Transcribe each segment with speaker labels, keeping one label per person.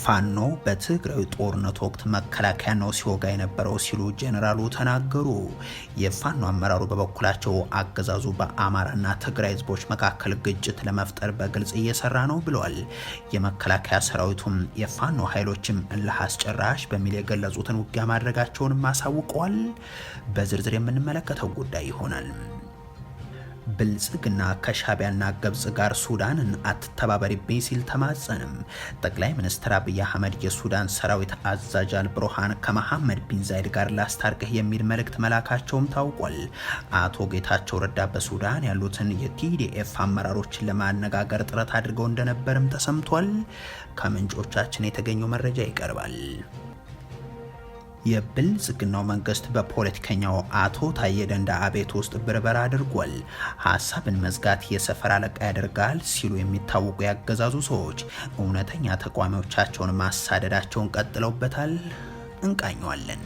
Speaker 1: ፋኖ በትግራዊ ጦርነት ወቅት መከላከያ ነው ሲወጋ የነበረው ሲሉ ጄኔራሉ ተናገሩ። የፋኖ አመራሩ በበኩላቸው አገዛዙ በአማራና ትግራይ ህዝቦች መካከል ግጭት ለመፍጠር በግልጽ እየሰራ ነው ብለዋል። የመከላከያ ሰራዊቱም የፋኖ ኃይሎችም እልህ አስጨራሽ በሚል የገለጹትን ውጊያ ማድረጋቸውንም አሳውቀዋል። በዝርዝር የምንመለከተው ጉዳይ ይሆናል። ብልጽግና ከሻቢያና ግብጽ ጋር ሱዳንን አትተባበሪብኝ ሲል ተማጸንም። ጠቅላይ ሚኒስትር አብይ አህመድ የሱዳን ሰራዊት አዛዥ አልብሩሃን ከመሐመድ ቢን ዛይድ ጋር ላስታርቅህ የሚል መልእክት መላካቸውም ታውቋል። አቶ ጌታቸው ረዳ በሱዳን ያሉትን የቲዲኤፍ አመራሮችን ለማነጋገር ጥረት አድርገው እንደነበርም ተሰምቷል። ከምንጮቻችን የተገኘው መረጃ ይቀርባል። የብልጽግናው መንግስት በፖለቲከኛው አቶ ታዬ ደንደአ ቤት ውስጥ ብርበራ አድርጓል። ሀሳብን መዝጋት የሰፈር አለቃ ያደርጋል ሲሉ የሚታወቁ ያገዛዙ ሰዎች እውነተኛ ተቋሚዎቻቸውን ማሳደዳቸውን ቀጥለውበታል። እንቃኘዋለን።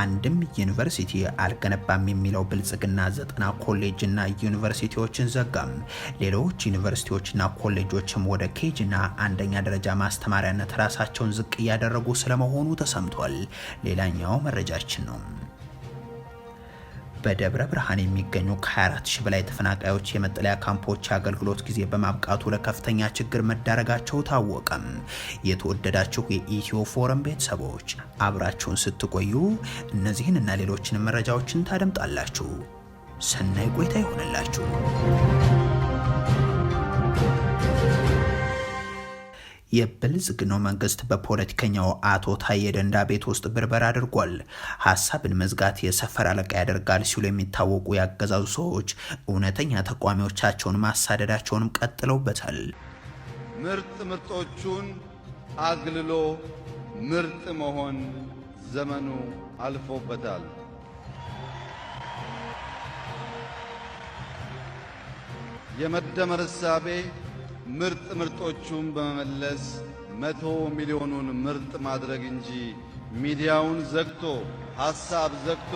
Speaker 1: አንድም ዩኒቨርሲቲ አልገነባም የሚለው ብልጽግና ዘጠና ኮሌጅና ዩኒቨርሲቲዎችን ዘጋም። ሌሎች ዩኒቨርሲቲዎችና ኮሌጆችም ወደ ኬጅና አንደኛ ደረጃ ማስተማሪያነት ራሳቸውን ዝቅ እያደረጉ ስለመሆኑ ተሰምቷል። ሌላኛው መረጃችን ነው። በደብረ ብርሃን የሚገኙ ከ ሺ በላይ ተፈናቃዮች የመጠለያ ካምፖች የአገልግሎት ጊዜ በማብቃቱ ለከፍተኛ ችግር መዳረጋቸው ታወቀም። የተወደዳችሁ የኢትዮ ፎረም ቤተሰቦች አብራችሁን ስትቆዩ እነዚህን እና ሌሎችንም መረጃዎችን ታደምጣላችሁ። ሰናይ ቆይታ ይሆንላችሁ። የብልጽግናው መንግስት በፖለቲከኛው አቶ ታዬ ደንዳ ቤት ውስጥ ብርበር አድርጓል። ሀሳብን መዝጋት የሰፈር አለቃ ያደርጋል ሲሉ የሚታወቁ ያገዛዙ ሰዎች እውነተኛ ተቋሚዎቻቸውን ማሳደዳቸውንም ቀጥለውበታል።
Speaker 2: ምርጥ ምርጦቹን አግልሎ ምርጥ መሆን ዘመኑ አልፎበታል። የመደመር እሳቤ ምርጥ ምርጦቹን በመመለስ መቶ ሚሊዮኑን ምርጥ ማድረግ እንጂ ሚዲያውን ዘግቶ ሐሳብ ዘግቶ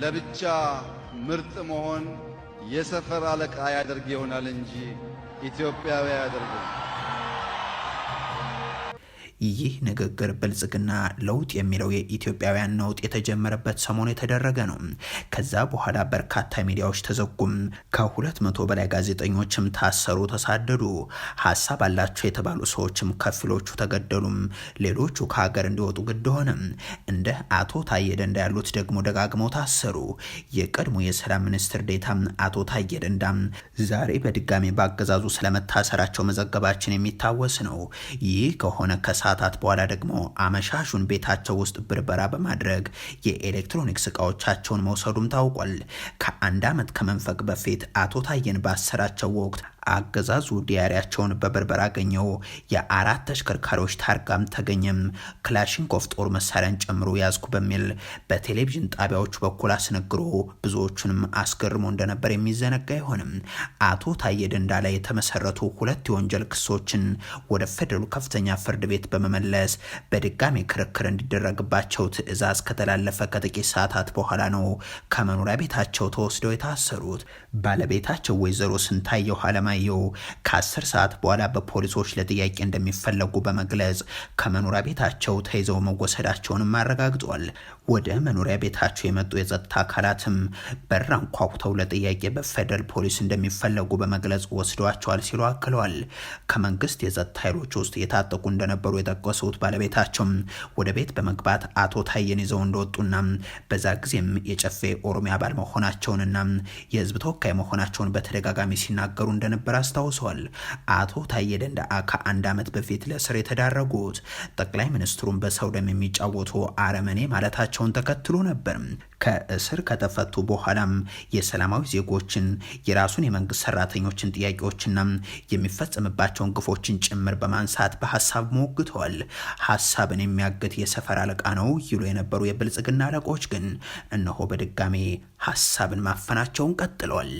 Speaker 2: ለብቻ ምርጥ መሆን የሰፈር አለቃ ያደርግ ይሆናል እንጂ ኢትዮጵያዊ አያደርግም።
Speaker 1: ይህ ንግግር ብልጽግና ለውጥ የሚለው የኢትዮጵያውያን ነውጥ የተጀመረበት ሰሞኑ የተደረገ ነው። ከዛ በኋላ በርካታ ሚዲያዎች ተዘጉም፣ ከሁለት መቶ በላይ ጋዜጠኞችም ታሰሩ፣ ተሳደዱ። ሀሳብ አላቸው የተባሉ ሰዎችም ከፊሎቹ ተገደሉም፣ ሌሎቹ ከሀገር እንዲወጡ ግድ ሆነም። እንደ አቶ ታዬ ደንዳ ያሉት ደግሞ ደጋግመው ታሰሩ። የቀድሞ የሰላም ሚኒስትር ዴታ አቶ ታዬ ደንዳም ዛሬ በድጋሚ በአገዛዙ ስለመታሰራቸው መዘገባችን የሚታወስ ነው። ይህ ከሆነ ከሳ ከሰዓታት በኋላ ደግሞ አመሻሹን ቤታቸው ውስጥ ብርበራ በማድረግ የኤሌክትሮኒክስ እቃዎቻቸውን መውሰዱም ታውቋል። ከአንድ ዓመት ከመንፈቅ በፊት አቶ ታየን ባሰራቸው ወቅት አገዛዙ ዲያሪያቸውን በበርበር አገኘው። የአራት ተሽከርካሪዎች ታርጋም ተገኘም። ክላሽንኮፍ ጦር መሳሪያን ጨምሮ ያዝኩ በሚል በቴሌቪዥን ጣቢያዎቹ በኩል አስነግሮ ብዙዎቹንም አስገርሞ እንደነበር የሚዘነጋ አይሆንም። አቶ ታዬ ደንዳ ላይ የተመሰረቱ ሁለት የወንጀል ክሶችን ወደ ፌደራሉ ከፍተኛ ፍርድ ቤት በመመለስ በድጋሚ ክርክር እንዲደረግባቸው ትዕዛዝ ከተላለፈ ከጥቂት ሰዓታት በኋላ ነው ከመኖሪያ ቤታቸው ተወስደው የታሰሩት ባለቤታቸው ወይዘሮ ስንታየው አለማ አለማየሁ ከአስር ሰዓት በኋላ በፖሊሶች ለጥያቄ እንደሚፈለጉ በመግለጽ ከመኖሪያ ቤታቸው ተይዘው መወሰዳቸውንም አረጋግጧል። ወደ መኖሪያ ቤታቸው የመጡ የጸጥታ አካላትም በራ አንኳኩተው ለጥያቄ በፌደራል ፖሊስ እንደሚፈለጉ በመግለጽ ወስደዋቸዋል ሲሉ አክለዋል። ከመንግስት የጸጥታ ኃይሎች ውስጥ የታጠቁ እንደነበሩ የጠቀሱት ባለቤታቸውም ወደ ቤት በመግባት አቶ ታየን ይዘው እንደወጡና በዛ ጊዜም የጨፌ ኦሮሚያ አባል መሆናቸውንና የህዝብ ተወካይ መሆናቸውን በተደጋጋሚ ሲናገሩ እንደነበሩ እንደነበር አስታውሷል። አቶ ታዬ ደንደአ ከአንድ ዓመት በፊት ለእስር የተዳረጉት ጠቅላይ ሚኒስትሩን በሰው ደም የሚጫወቱ አረመኔ ማለታቸውን ተከትሎ ነበር። ከእስር ከተፈቱ በኋላም የሰላማዊ ዜጎችን የራሱን የመንግስት ሰራተኞችን ጥያቄዎችና የሚፈጸምባቸውን ግፎችን ጭምር በማንሳት በሀሳብ ሞግተዋል። ሀሳብን የሚያግት የሰፈር አለቃ ነው ይሉ የነበሩ የብልጽግና አለቆች ግን እነሆ በድጋሜ ሀሳብን ማፈናቸውን ቀጥለዋል።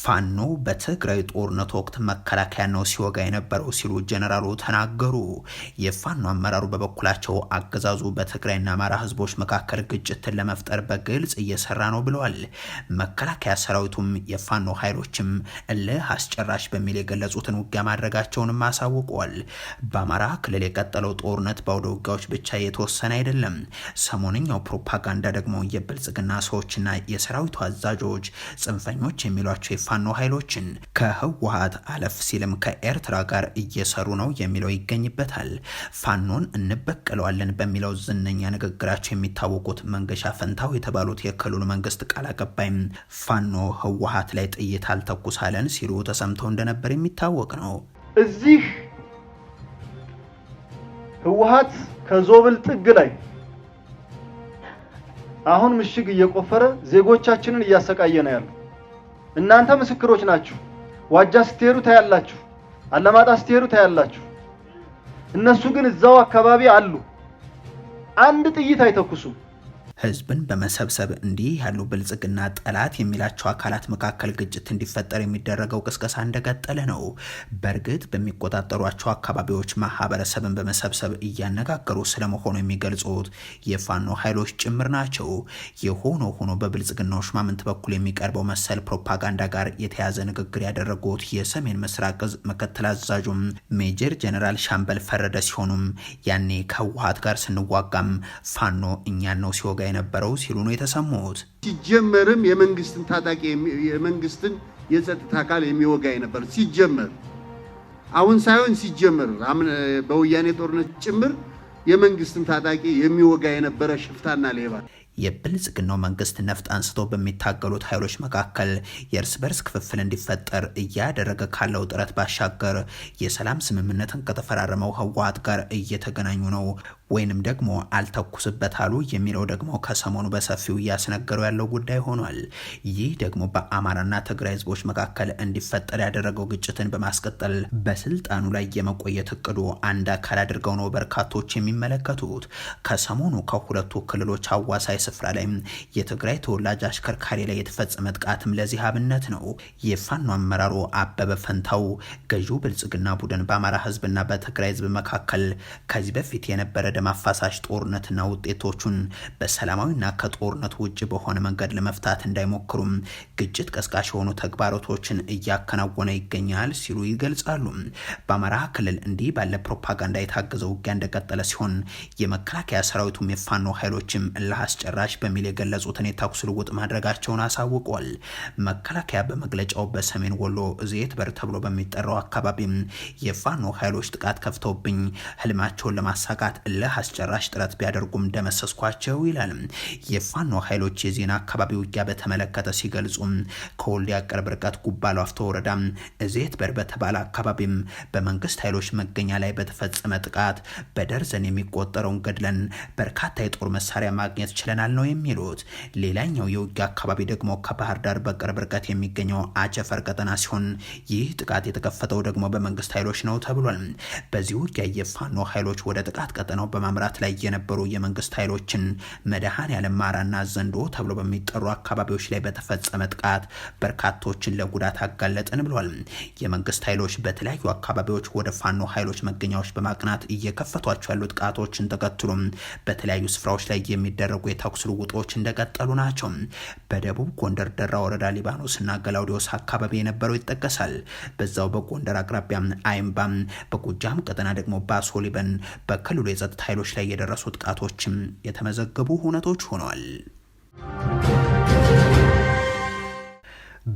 Speaker 1: ፋኖ በትግራይ ጦርነት ወቅት መከላከያ ነው ሲወጋ የነበረው ሲሉ ጀነራሉ ተናገሩ። የፋኖ አመራሩ በበኩላቸው አገዛዙ በትግራይና አማራ ህዝቦች መካከል ግጭትን ለመፍጠር በግልጽ እየሰራ ነው ብለዋል። መከላከያ ሰራዊቱም የፋኖ ኃይሎችም እልህ አስጨራሽ በሚል የገለጹትን ውጊያ ማድረጋቸውንም አሳውቀዋል። በአማራ ክልል የቀጠለው ጦርነት በአውደ ውጊያዎች ብቻ የተወሰነ አይደለም። ሰሞንኛው ፕሮፓጋንዳ ደግሞ የብልጽግና ሰዎችና የሰራዊቱ አዛዦች ጽንፈኞች የሚሏቸው ፋኖ ኃይሎችን ከህወሀት አለፍ ሲልም ከኤርትራ ጋር እየሰሩ ነው የሚለው ይገኝበታል። ፋኖን እንበቀለዋለን በሚለው ዝነኛ ንግግራቸው የሚታወቁት መንገሻ ፈንታው የተባሉት የክልሉ መንግስት ቃል አቀባይም ፋኖ ህወሀት ላይ ጥይት አልተኩሳለን ሲሉ ተሰምተው እንደነበር የሚታወቅ ነው።
Speaker 3: እዚህ ህወሀት ከዞብል ጥግ ላይ አሁን ምሽግ እየቆፈረ ዜጎቻችንን እያሰቃየ ነው ያለው። እናንተ ምስክሮች ናችሁ። ዋጃ ስትሄዱ ታያላችሁ፣ አለማጣ ስትሄዱ ታያላችሁ። እነሱ ግን እዛው አካባቢ አሉ። አንድ ጥይት አይተኩሱም።
Speaker 1: ህዝብን በመሰብሰብ እንዲህ ያሉ ብልጽግና ጠላት የሚላቸው አካላት መካከል ግጭት እንዲፈጠር የሚደረገው ቅስቀሳ እንደቀጠለ ነው። በእርግጥ በሚቆጣጠሯቸው አካባቢዎች ማህበረሰብን በመሰብሰብ እያነጋገሩ ስለመሆኑ የሚገልጹት የፋኖ ኃይሎች ጭምር ናቸው። የሆኖ ሆኖ በብልጽግናው ሹማምንት በኩል የሚቀርበው መሰል ፕሮፓጋንዳ ጋር የተያዘ ንግግር ያደረጉት የሰሜን ምስራቅ እዝ ምክትል አዛዡም ሜጀር ጀነራል ሻምበል ፈረደ ሲሆኑም ያኔ ከህወሓት ጋር ስንዋጋም ፋኖ እኛን ነው ሲወጋ የነበረው ሲሉ ነው የተሰሙት።
Speaker 4: ሲጀመርም የመንግስትን ታጣቂ የመንግስትን የጸጥታ አካል የሚወጋ የነበር ሲጀመር አሁን ሳይሆን ሲጀመር በወያኔ ጦርነት ጭምር የመንግስትን ታጣቂ የሚወጋ የነበረ ሽፍታና ሌባ
Speaker 1: የብልጽግናው መንግስት ነፍጥ አንስቶ በሚታገሉት ኃይሎች መካከል የእርስ በርስ ክፍፍል እንዲፈጠር እያደረገ ካለው ጥረት ባሻገር የሰላም ስምምነትን ከተፈራረመው ህወሓት ጋር እየተገናኙ ነው። ወይንም ደግሞ አልተኩስበት አሉ የሚለው ደግሞ ከሰሞኑ በሰፊው እያስነገረው ያለው ጉዳይ ሆኗል። ይህ ደግሞ በአማራና ትግራይ ህዝቦች መካከል እንዲፈጠር ያደረገው ግጭትን በማስቀጠል በስልጣኑ ላይ የመቆየት እቅዱ አንድ አካል አድርገው ነው በርካቶች የሚመለከቱት። ከሰሞኑ ከሁለቱ ክልሎች አዋሳኝ ስፍራ ላይ የትግራይ ተወላጅ አሽከርካሪ ላይ የተፈጸመ ጥቃትም ለዚህ አብነት ነው። የፋኖ አመራሩ አበበ ፈንታው ገዢው ብልጽግና ቡድን በአማራ ህዝብና በትግራይ ህዝብ መካከል ከዚህ በፊት የነበረ ደም አፋሳሽ ጦርነትና ውጤቶቹን በሰላማዊና ከጦርነት ውጭ በሆነ መንገድ ለመፍታት እንዳይሞክሩም ግጭት ቀስቃሽ የሆኑ ተግባራቶችን እያከናወነ ይገኛል ሲሉ ይገልጻሉ። በአማራ ክልል እንዲህ ባለ ፕሮፓጋንዳ የታገዘ ውጊያ እንደቀጠለ ሲሆን የመከላከያ ሰራዊቱም የፋኖ ኃይሎችም እልህ አስጨራሽ በሚል የገለጹትን የተኩስ ልውውጥ ማድረጋቸውን አሳውቋል። መከላከያ በመግለጫው በሰሜን ወሎ እዝት በር ተብሎ በሚጠራው አካባቢም የፋኖ ኃይሎች ጥቃት ከፍተውብኝ ህልማቸውን ለማሳካት እልህ አስጨራሽ ጥረት ቢያደርጉም ደመሰስኳቸው ይላል። የፋኖ ኃይሎች የዜና አካባቢ ውጊያ በተመለከተ ሲገልጹ ከወልዲያ ቅርብ ርቀት ጉባ ላፍቶ ወረዳ እዜት በር በተባለ አካባቢም በመንግስት ኃይሎች መገኛ ላይ በተፈጸመ ጥቃት በደርዘን የሚቆጠረውን ገድለን በርካታ የጦር መሳሪያ ማግኘት ችለናል ነው የሚሉት። ሌላኛው የውጊያ አካባቢ ደግሞ ከባህር ዳር በቅርብ ርቀት የሚገኘው አጨፈር ቀጠና ሲሆን ይህ ጥቃት የተከፈተው ደግሞ በመንግስት ኃይሎች ነው ተብሏል። በዚህ ውጊያ የፋኖ ኃይሎች ወደ ጥቃት ቀጠናው በማምራት ላይ የነበሩ የመንግስት ኃይሎችን መድሃን ማራና ዘንዶ ተብሎ በሚጠሩ አካባቢዎች ላይ በተፈጸመ ጥቃት በርካቶችን ለጉዳት አጋለጥን ብሏል። የመንግስት ኃይሎች በተለያዩ አካባቢዎች ወደ ፋኖ ኃይሎች መገኛዎች በማቅናት እየከፈቷቸው ያሉ ጥቃቶችን ተከትሎም በተለያዩ ስፍራዎች ላይ የሚደረጉ የተኩስ ልውጦች እንደቀጠሉ ናቸው። በደቡብ ጎንደር ደራ ወረዳ ሊባኖስና ገላውዲዮስ አካባቢ የነበረው ይጠቀሳል። በዛው በጎንደር አቅራቢያም አይምባም፣ በጎጃም ቀጠና ደግሞ ባሶሊበን በክልሉ የጸጥታ ኃይሎች ላይ የደረሱ ጥቃቶችም የተመዘገቡ ሁነቶች ሆነዋል።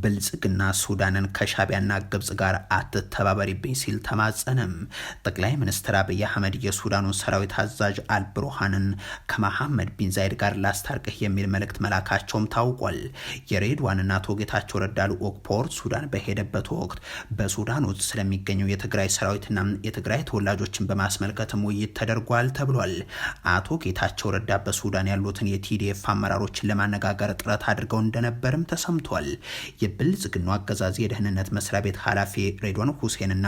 Speaker 1: ብልጽግና ሱዳንን ከሻቢያና ግብጽ ጋር አትተባበሪብኝ ሲል ተማጸንም። ጠቅላይ ሚኒስትር አብይ አህመድ የሱዳኑን ሰራዊት አዛዥ አልብሩሃንን ከመሐመድ ቢን ዛይድ ጋር ላስታርቅህ የሚል መልእክት መላካቸውም ታውቋል። የሬድዋንና አቶ ጌታቸው ረዳ ልዑክ ፖርት ሱዳን በሄደበት ወቅት በሱዳን ውስጥ ስለሚገኘው የትግራይ ሰራዊትና የትግራይ ተወላጆችን በማስመልከትም ውይይት ተደርጓል ተብሏል። አቶ ጌታቸው ረዳ በሱዳን ያሉትን የቲዲኤፍ አመራሮችን ለማነጋገር ጥረት አድርገው እንደነበርም ተሰምቷል። የብልጽግና አገዛዝ የደህንነት መስሪያ ቤት ኃላፊ ሬድዋን ሁሴንና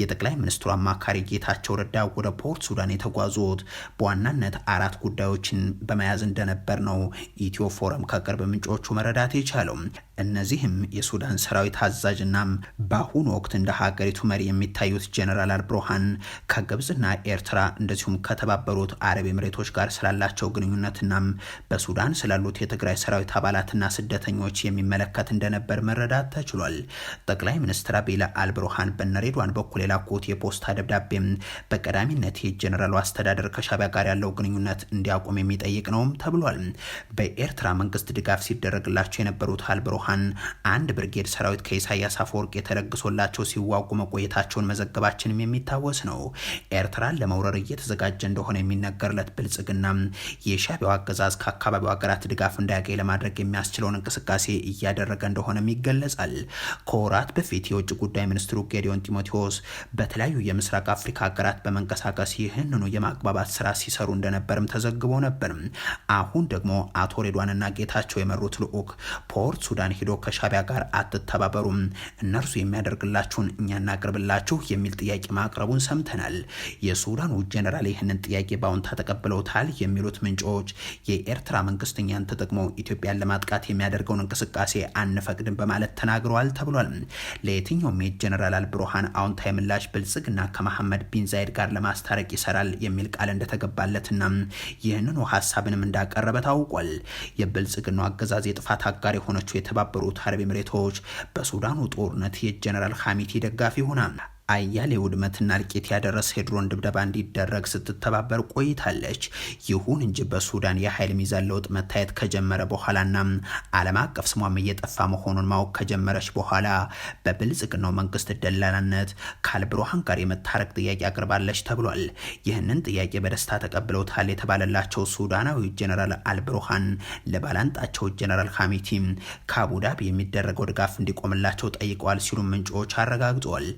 Speaker 1: የጠቅላይ ሚኒስትሩ አማካሪ ጌታቸው ረዳ ወደ ፖርት ሱዳን የተጓዙት በዋናነት አራት ጉዳዮችን በመያዝ እንደነበር ነው ኢትዮ ፎረም ከቅርብ ምንጮቹ መረዳት የቻለው። እነዚህም የሱዳን ሰራዊት አዛዥና በአሁኑ ወቅት እንደ ሀገሪቱ መሪ የሚታዩት ጀነራል አልብርሃን ከግብጽና ኤርትራ እንደዚሁም ከተባበሩት አረብ ኤምሬቶች ጋር ስላላቸው ግንኙነትና በሱዳን ስላሉት የትግራይ ሰራዊት አባላትና ስደተኞች የሚመለከት እንደነበር እንደነበር መረዳት ተችሏል። ጠቅላይ ሚኒስትር አብይ አልብሩሃን በነሬድዋን በኩል የላኩት የፖስታ ደብዳቤም በቀዳሚነት የጀኔራሉ አስተዳደር ከሻቢያ ጋር ያለው ግንኙነት እንዲያቆም የሚጠይቅ ነውም ተብሏል። በኤርትራ መንግስት ድጋፍ ሲደረግላቸው የነበሩት አልብሩሃን አንድ ብርጌድ ሰራዊት ከኢሳያስ አፈወርቅ የተለግሶላቸው ሲዋጉ መቆየታቸውን መዘገባችንም የሚታወስ ነው። ኤርትራን ለመውረር እየተዘጋጀ እንደሆነ የሚነገርለት ብልጽግና የሻቢያው አገዛዝ ከአካባቢው ሀገራት ድጋፍ እንዳያገኝ ለማድረግ የሚያስችለውን እንቅስቃሴ እያደረገ እንደሆነ እንደሆነም ይገለጻል። ከወራት በፊት የውጭ ጉዳይ ሚኒስትሩ ጌዲዮን ጢሞቴዎስ በተለያዩ የምስራቅ አፍሪካ ሀገራት በመንቀሳቀስ ይህንኑ የማግባባት ስራ ሲሰሩ እንደነበርም ተዘግቦ ነበር። አሁን ደግሞ አቶ ሬድዋንና ጌታቸው የመሩት ልዑክ ፖርት ሱዳን ሂዶ ከሻቢያ ጋር አትተባበሩም፣ እነርሱ የሚያደርግላችሁን እኛ እናቅርብላችሁ የሚል ጥያቄ ማቅረቡን ሰምተናል። የሱዳኑ ጄኔራል ይህንን ጥያቄ በአሁንታ ተቀብለውታል የሚሉት ምንጮች የኤርትራ መንግስት እኛን ተጠቅሞ ኢትዮጵያን ለማጥቃት የሚያደርገውን እንቅስቃሴ አንፈቅ አይፈቅድም በማለት ተናግረዋል ተብሏል። ለየትኛው የጀነራል ጀነራል አልብሩሃን አዎንታዊ ምላሽ ብልጽግና ከመሐመድ ቢን ዛይድ ጋር ለማስታረቅ ይሰራል የሚል ቃል እንደተገባለትና ይህንኑ ሀሳብንም እንዳቀረበ ታውቋል። የብልጽግናው አገዛዝ የጥፋት አጋር የሆነችው የተባበሩት አረብ ኤምሬቶች በሱዳኑ ጦርነት የጀነራል ሐሚቲ ደጋፊ ሆና አያሌ ውድመትና እልቂት ያደረሰ የድሮን ድብደባ እንዲደረግ ስትተባበር ቆይታለች። ይሁን እንጂ በሱዳን የኃይል ሚዛን ለውጥ መታየት ከጀመረ በኋላና ዓለም አቀፍ ስሟም እየጠፋ መሆኑን ማወቅ ከጀመረች በኋላ በብልጽግናው መንግስት ደላላነት ካልብሩሃን ጋር የመታረቅ ጥያቄ አቅርባለች ተብሏል። ይህንን ጥያቄ በደስታ ተቀብለውታል የተባለላቸው ሱዳናዊ ጀነራል አልብሩሃን ለባላንጣቸው ጀነራል ሀሚቲ ከአቡዳቢ የሚደረገው ድጋፍ እንዲቆምላቸው ጠይቀዋል ሲሉ ምንጮች አረጋግጠዋል።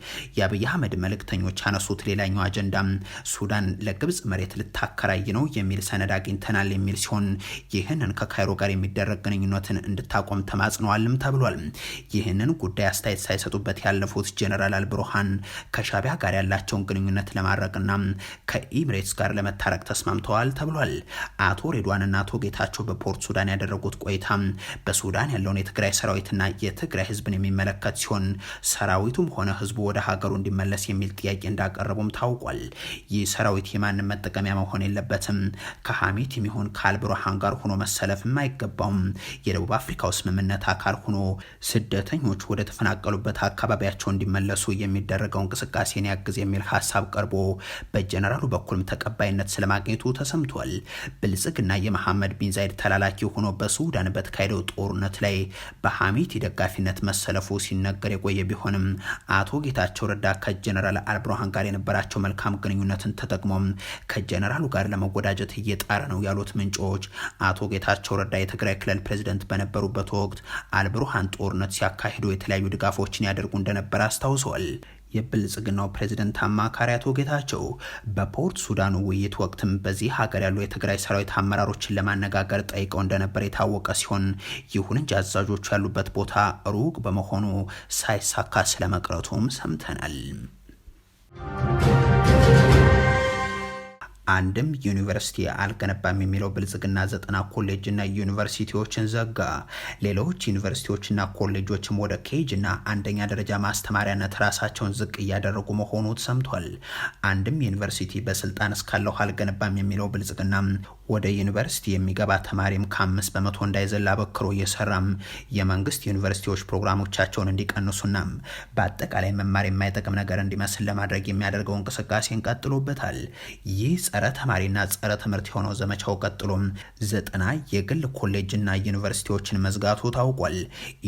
Speaker 1: የአብይ አህመድ መልእክተኞች ያነሱት ሌላኛው አጀንዳ ሱዳን ለግብጽ መሬት ልታከራይ ነው የሚል ሰነድ አግኝተናል የሚል ሲሆን ይህንን ከካይሮ ጋር የሚደረግ ግንኙነትን እንድታቆም ተማጽነዋልም ተብሏል። ይህንን ጉዳይ አስተያየት ሳይሰጡበት ያለፉት ጀነራል አልብሩሃን ከሻቢያ ጋር ያላቸውን ግንኙነት ለማድረግና ከኢምሬትስ ጋር ለመታረቅ ተስማምተዋል ተብሏል። አቶ ሬድዋንና አቶ ጌታቸው በፖርት ሱዳን ያደረጉት ቆይታ በሱዳን ያለውን የትግራይ ሰራዊትና የትግራይ ህዝብን የሚመለከት ሲሆን ሰራዊቱም ሆነ ህዝቡ ወደ ሀገሩ እንዲ እንዲመለስ የሚል ጥያቄ እንዳቀረቡም ታውቋል። ይህ ሰራዊት የማንም መጠቀሚያ መሆን የለበትም። ከሐሜት የሚሆን ከአልቡርሃን ጋር ሆኖ መሰለፍም አይገባውም። የደቡብ አፍሪካው ስምምነት አካል ሆኖ ስደተኞች ወደ ተፈናቀሉበት አካባቢያቸው እንዲመለሱ የሚደረገው እንቅስቃሴን ያግዝ የሚል ሀሳብ ቀርቦ በጀነራሉ በኩልም ተቀባይነት ስለማግኘቱ ተሰምቷል። ብልጽግና የመሐመድ ቢን ዛይድ ተላላኪ ሆኖ በሱዳን በተካሄደው ጦርነት ላይ በሐሜት ደጋፊነት መሰለፉ ሲነገር የቆየ ቢሆንም አቶ ጌታቸው ረዳ ከጀነራል አልብርሃን ጋር የነበራቸው መልካም ግንኙነትን ተጠቅሞ ከጀነራሉ ጋር ለመወዳጀት እየጣረ ነው ያሉት ምንጮች አቶ ጌታቸው ረዳ የትግራይ ክልል ፕሬዚደንት በነበሩበት ወቅት አልብርሃን ጦርነት ሲያካሂዱ የተለያዩ ድጋፎችን ያደርጉ እንደነበር አስታውሰዋል። የብልጽግናው ፕሬዝደንት አማካሪ አቶ ጌታቸው በፖርት ሱዳኑ ውይይት ወቅትም በዚህ ሀገር ያሉ የትግራይ ሰራዊት አመራሮችን ለማነጋገር ጠይቀው እንደነበር የታወቀ ሲሆን ይሁን እንጂ አዛዦቹ ያሉበት ቦታ ሩቅ በመሆኑ ሳይሳካ ስለመቅረቱም ሰምተናል። አንድም ዩኒቨርሲቲ አልገነባም የሚለው ብልጽግና ዘጠና ኮሌጅና ዩኒቨርሲቲዎችን ዘጋ። ሌሎች ዩኒቨርሲቲዎችና ኮሌጆችም ወደ ኬጅና አንደኛ ደረጃ ማስተማሪያነት ራሳቸውን ዝቅ እያደረጉ መሆኑ ሰምቷል። አንድም ዩኒቨርሲቲ በስልጣን እስካለው አልገነባም የሚለው ብልጽግና ወደ ዩኒቨርሲቲ የሚገባ ተማሪም ከአምስት በመቶ እንዳይዘላ በክሮ እየሰራም የመንግስት ዩኒቨርሲቲዎች ፕሮግራሞቻቸውን እንዲቀንሱና በአጠቃላይ መማር የማይጠቅም ነገር እንዲመስል ለማድረግ የሚያደርገው እንቅስቃሴን ቀጥሎበታል። ይህ ጸረ ተማሪና ጸረ ትምህርት የሆነው ዘመቻው ቀጥሎም ዘጠና የግል ኮሌጅና ዩኒቨርሲቲዎችን መዝጋቱ ታውቋል።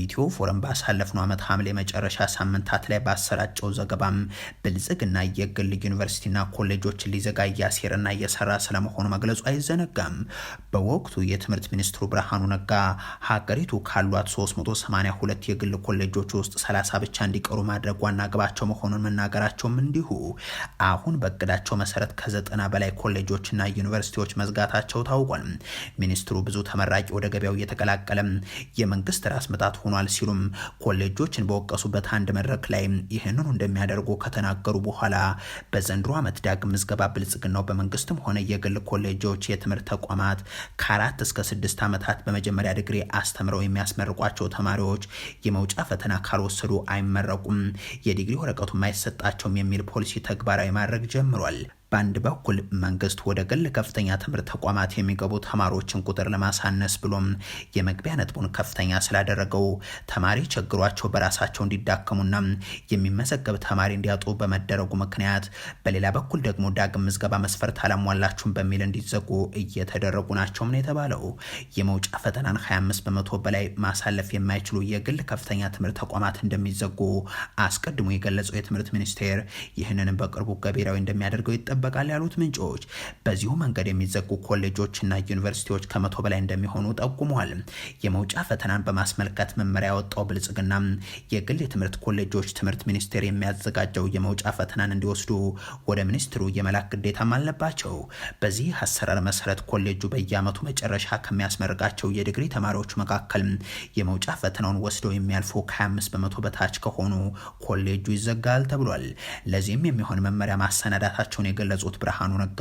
Speaker 1: ኢትዮ ፎረም ባሳለፍነው ዓመት ሐምሌ መጨረሻ ሳምንታት ላይ ባሰራጨው ዘገባም ብልጽግና የግል ዩኒቨርሲቲና ኮሌጆችን ሊዘጋ እያሴረና እየሰራ ስለመሆኑ መግለጹ አይዘነጋም። ነጋም በወቅቱ የትምህርት ሚኒስትሩ ብርሃኑ ነጋ ሀገሪቱ ካሏት 382 የግል ኮሌጆች ውስጥ 30 ብቻ እንዲቀሩ ማድረግ ዋና ግባቸው መሆኑን መናገራቸውም እንዲሁ አሁን በእቅዳቸው መሰረት ከዘጠና በላይ ኮሌጆችና ዩኒቨርሲቲዎች መዝጋታቸው ታውቋል። ሚኒስትሩ ብዙ ተመራቂ ወደ ገበያው እየተቀላቀለም የመንግስት ራስ ምታት ሆኗል ሲሉም ኮሌጆችን በወቀሱበት አንድ መድረክ ላይ ይህንኑ እንደሚያደርጉ ከተናገሩ በኋላ በዘንድሮ ዓመት ዳግም ምዝገባ ብልጽግናው በመንግስትም ሆነ የግል ኮሌጆች የትምህርት ትምህርት ተቋማት ከአራት እስከ ስድስት ዓመታት በመጀመሪያ ዲግሪ አስተምረው የሚያስመርቋቸው ተማሪዎች የመውጫ ፈተና ካልወሰዱ አይመረቁም፣ የዲግሪ ወረቀቱም አይሰጣቸውም የሚል ፖሊሲ ተግባራዊ ማድረግ ጀምሯል። በአንድ በኩል መንግስት ወደ ግል ከፍተኛ ትምህርት ተቋማት የሚገቡ ተማሪዎችን ቁጥር ለማሳነስ ብሎም የመግቢያ ነጥቡን ከፍተኛ ስላደረገው ተማሪ ችግሯቸው በራሳቸው እንዲዳከሙና የሚመዘገብ ተማሪ እንዲያጡ በመደረጉ ምክንያት፣ በሌላ በኩል ደግሞ ዳግም ምዝገባ መስፈርት አላሟላችሁም በሚል እንዲዘጉ እየተደረጉ ናቸውም ነው የተባለው። የመውጫ ፈተናን 25 በመቶ በላይ ማሳለፍ የማይችሉ የግል ከፍተኛ ትምህርት ተቋማት እንደሚዘጉ አስቀድሞ የገለጸው የትምህርት ሚኒስቴር ይህንንም በቅርቡ ገቢራዊ እንደሚያደርገው ይጠበቃል። ይጠበቃል ያሉት ምንጮች በዚሁ መንገድ የሚዘጉ ኮሌጆችና ዩኒቨርሲቲዎች ከመቶ በላይ እንደሚሆኑ ጠቁመዋል። የመውጫ ፈተናን በማስመልከት መመሪያ ያወጣው ብልጽግና የግል የትምህርት ኮሌጆች ትምህርት ሚኒስቴር የሚያዘጋጀው የመውጫ ፈተናን እንዲወስዱ ወደ ሚኒስትሩ የመላክ ግዴታም አለባቸው። በዚህ አሰራር መሰረት ኮሌጁ በየአመቱ መጨረሻ ከሚያስመርቃቸው የዲግሪ ተማሪዎች መካከል የመውጫ ፈተናውን ወስደው የሚያልፉ ከ25 በመቶ በታች ከሆኑ ኮሌጁ ይዘጋል ተብሏል። ለዚህም የሚሆን መመሪያ ማሰናዳታቸውን የገለ የገለጹት ብርሃኑ ነጋ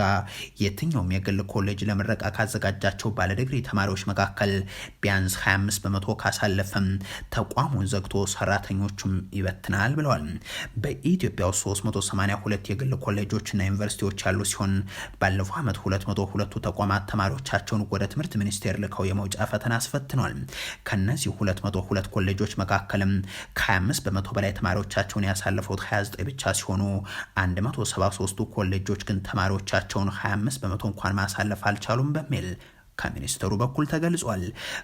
Speaker 1: የትኛውም የግል ኮሌጅ ለምረቃ ካዘጋጃቸው ባለዲግሪ ተማሪዎች መካከል ቢያንስ 25 በመቶ ካሳለፈም ተቋሙን ዘግቶ ሰራተኞቹም ይበትናል ብለዋል። በኢትዮጵያ ውስጥ 382 የግል ኮሌጆችና ዩኒቨርሲቲዎች ያሉ ሲሆን ባለፈው ዓመት 202ቱ ተቋማት ተማሪዎቻቸውን ወደ ትምህርት ሚኒስቴር ልከው የመውጫ ፈተና አስፈትነዋል። ከነዚህ 202 ኮሌጆች መካከልም ከ25 በመቶ በላይ ተማሪዎቻቸውን ያሳለፉት 29 ብቻ ሲሆኑ 173ቱ ኮሌጆ ወላጆች ግን ተማሪዎቻቸውን 25 በመቶ እንኳን ማሳለፍ አልቻሉም በሚል ከሚኒስትሩ በኩል ተገልጿል።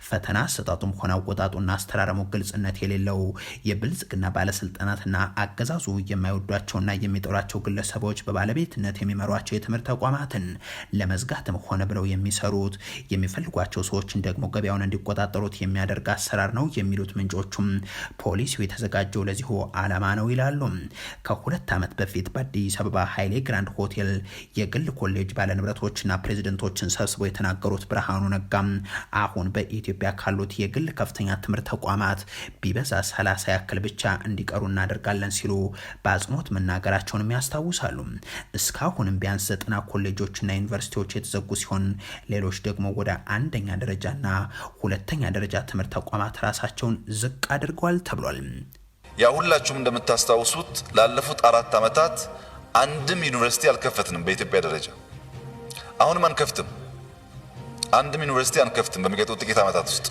Speaker 1: ፈተና አሰጣጡም ሆነ አወጣጡና አስተራረሙ ግልጽነት የሌለው የብልጽግና ባለስልጣናትና አገዛዙ የማይወዷቸውና የሚጠሏቸው ግለሰቦች በባለቤትነት የሚመሯቸው የትምህርት ተቋማትን ለመዝጋትም ሆነ ብለው የሚሰሩት የሚፈልጓቸው ሰዎችን ደግሞ ገበያውን እንዲቆጣጠሩት የሚያደርግ አሰራር ነው የሚሉት ምንጮቹም ፖሊሲው የተዘጋጀው ለዚሁ ዓላማ ነው ይላሉ። ከሁለት ዓመት በፊት በአዲስ አበባ ሀይሌ ግራንድ ሆቴል የግል ኮሌጅ ባለንብረቶችና ፕሬዚደንቶችን ሰብስበው የተናገሩት ብርሃ ብርሃኑ ነጋ አሁን በኢትዮጵያ ካሉት የግል ከፍተኛ ትምህርት ተቋማት ቢበዛ ሰላሳ ያክል ብቻ እንዲቀሩ እናደርጋለን ሲሉ በአጽንኦት መናገራቸውንም ያስታውሳሉ። እስካሁንም ቢያንስ ዘጠና ኮሌጆችና ዩኒቨርሲቲዎች የተዘጉ ሲሆን ሌሎች ደግሞ ወደ አንደኛ ደረጃና ሁለተኛ ደረጃ ትምህርት ተቋማት ራሳቸውን ዝቅ አድርገዋል ተብሏል።
Speaker 5: ያ ሁላችሁም እንደምታስታውሱት ላለፉት አራት ዓመታት አንድም ዩኒቨርሲቲ አልከፈትንም በኢትዮጵያ ደረጃ አሁንም አንከፍትም። አንድም ዩኒቨርሲቲ አንከፍትም በሚገጡ ጥቂት ዓመታት ውስጥ።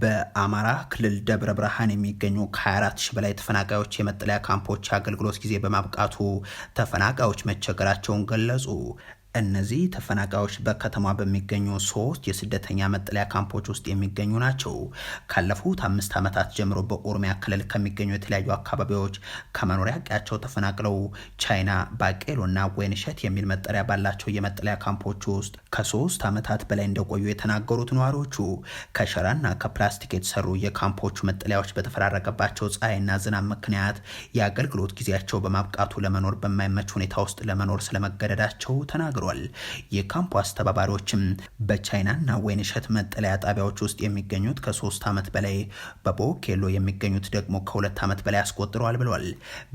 Speaker 1: በአማራ ክልል ደብረ ብርሃን የሚገኙ ከ24 ሺህ በላይ ተፈናቃዮች የመጠለያ ካምፖች አገልግሎት ጊዜ በማብቃቱ ተፈናቃዮች መቸገራቸውን ገለጹ። እነዚህ ተፈናቃዮች በከተማ በሚገኙ ሶስት የስደተኛ መጠለያ ካምፖች ውስጥ የሚገኙ ናቸው። ካለፉት አምስት ዓመታት ጀምሮ በኦሮሚያ ክልል ከሚገኙ የተለያዩ አካባቢዎች ከመኖሪያ ቀያቸው ተፈናቅለው ቻይና፣ ባቄሎና ወይንሸት የሚል መጠሪያ ባላቸው የመጠለያ ካምፖች ውስጥ ከሶስት ዓመታት በላይ እንደቆዩ የተናገሩት ነዋሪዎቹ ከሸራና ከፕላስቲክ የተሰሩ የካምፖቹ መጠለያዎች በተፈራረቀባቸው ፀሐይና ዝናብ ምክንያት የአገልግሎት ጊዜያቸው በማብቃቱ ለመኖር በማይመች ሁኔታ ውስጥ ለመኖር ስለመገደዳቸው ተናግረዋል። ተናግሯል። የካምፑ አስተባባሪዎችም በቻይናና ወይንሸት መጠለያ ጣቢያዎች ውስጥ የሚገኙት ከሶስት ዓመት በላይ በቦኬሎ የሚገኙት ደግሞ ከሁለት ዓመት በላይ አስቆጥረዋል ብሏል።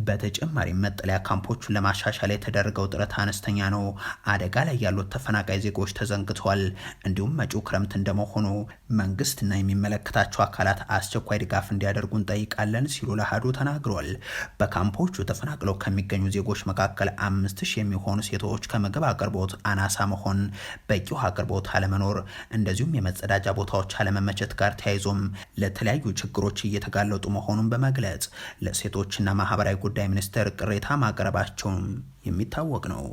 Speaker 1: በተጨማሪም መጠለያ ካምፖቹን ለማሻሻል የተደረገው ጥረት አነስተኛ ነው፣ አደጋ ላይ ያሉት ተፈናቃይ ዜጎች ተዘንግተዋል፣ እንዲሁም መጪው ክረምት እንደመሆኑ እና የሚመለከታቸው አካላት አስቸኳይ ድጋፍ እንዲያደርጉ እንጠይቃለን ሲሉ ለአሃዱ ተናግሯል በካምፖቹ ተፈናቅለው ከሚገኙ ዜጎች መካከል አምስት ሺህ የሚሆኑ ሴቶች ከምግብ አቅርቦት አናሳ መሆን፣ በቂ ውሃ አቅርቦት አለመኖር፣ እንደዚሁም የመጸዳጃ ቦታዎች አለመመቸት ጋር ተያይዞም ለተለያዩ ችግሮች እየተጋለጡ መሆኑን በመግለጽ ለሴቶችና ማህበራዊ ጉዳይ ሚኒስቴር ቅሬታ ማቅረባቸውም የሚታወቅ ነው።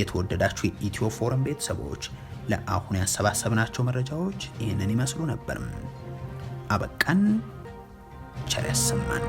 Speaker 1: የተወደዳችሁ የኢትዮ ፎረም ቤተሰቦች ለአሁን ያሰባሰብናቸው መረጃዎች ይህንን ይመስሉ ነበርም። አበቃን። ቸር ያሰማን።